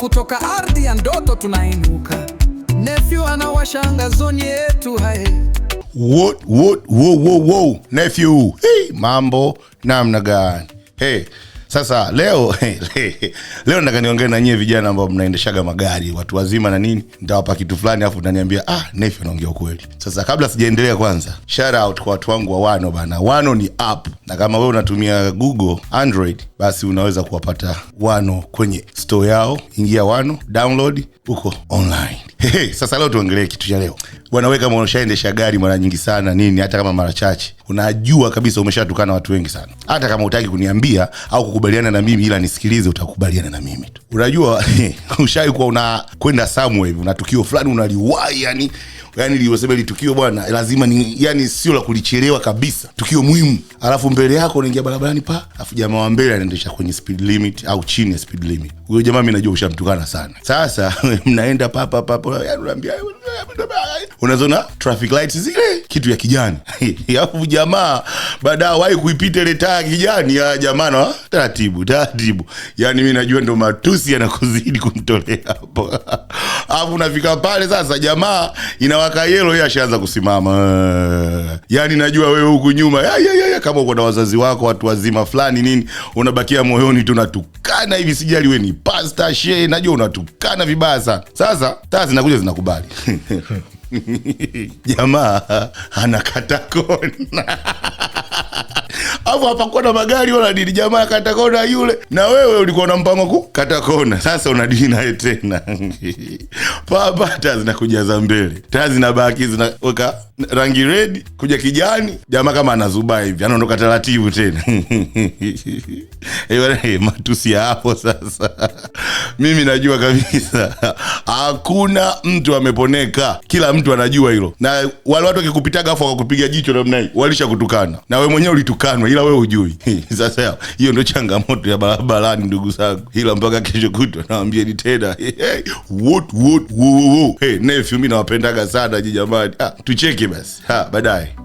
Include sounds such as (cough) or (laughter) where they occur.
kutoka ardhi ya ndoto tunainuka. Nephew anawashanga zoni yetu hae. What, what, wow, wow, wow. Nephew. Hey, mambo namna gani? Hey. Sasa leo (laughs) leo nataka niongee na nyie vijana ambao mnaendeshaga magari, watu wazima na nini, ntawapa kitu fulani afu naniambia ah, Nafe anaongea ukweli. Sasa kabla sijaendelea, kwanza shout kwa watu wangu wa Wano bana. Wano ni app, na kama wewe unatumia Google Android basi unaweza kuwapata Wano kwenye store yao. Ingia Wano, download, huko online. Hey, sasa leo tuongelee kitu cha leo bwana. Wewe kama unashaendesha gari mara nyingi sana nini, hata kama mara chache, unajua kabisa umeshatukana watu wengi sana. Hata kama utaki kuniambia au kukubaliana na mimi, ila nisikilize, utakubaliana na mimi tu. Unajua (laughs) ushawahi kuwa unakwenda somewhere una tukio fulani unaliwahi yani yani liosema ili tukio bwana lazima ni yani sio la kulichelewa kabisa tukio muhimu alafu mbele yako unaingia barabarani pa alafu jamaa wa mbele anaendesha kwenye speed limit au chini ya speed limit huyo jamaa mi najua ushamtukana sana sasa (laughs) mnaenda papa papa yani unaambia unaziona traffic lights zile kitu ya kijani (laughs) alafu jamaa baadaye wahi kuipita ile taa kijani ya jamaa na taratibu taratibu yani mi najua ndo matusi yanakuzidi kumtolea hapo (laughs) alafu unafika pale sasa, jamaa inawaka yelo, yeye ashaanza kusimama. Eh. Yani najua wewe huku nyuma ya, ya, ya, ya, kama uko na wazazi wako watu wazima fulani nini, unabakia moyoni tu natukana hivi, sijali we ni pasta she, najua unatukana vibaya sana. Sasa taa zinakuja zinakubali (laughs) jamaa anakata kona (laughs) Alafu hapakuwa na magari wala dili, jamaa katakona yule. Na wewe ulikuwa na mpango ku katakona. sasa unadili naye tena (laughs) papa, taa zinakujaza mbele, taa zinabaki zinaweka rangi red kuja kijani, jamaa kama anazuba hivi, anaondoka taratibu tena (laughs) matusi ya hapo sasa. Mimi najua kabisa hakuna mtu ameponeka, kila mtu anajua hilo, na wale watu wakikupitaga afu wakakupiga jicho namna hii, walisha kutukana na we mwenyewe ulitukanwa, ila we hujui. (laughs) Sasa hiyo ndio changamoto ya barabarani, ndugu zangu, ila mpaka kesho kutwa nawambieni tena (laughs) hey, hey, hey, nefu mi nawapendaga sana ji jamani, ah, tucheke famous ha bye.